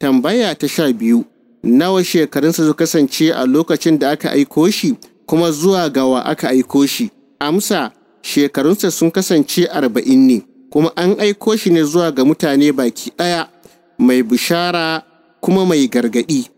Tambaya ta sha biyu, nawa shekarunsa su kasance a lokacin da aka aiko shi kuma zuwa ga wa aka aiko shi? Amsa, shekarunsa sun kasance arba'in ne, kuma an aiko shi ne zuwa ga mutane baki ɗaya, mai bishara kuma mai gargaɗi.